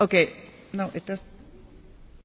okay no it does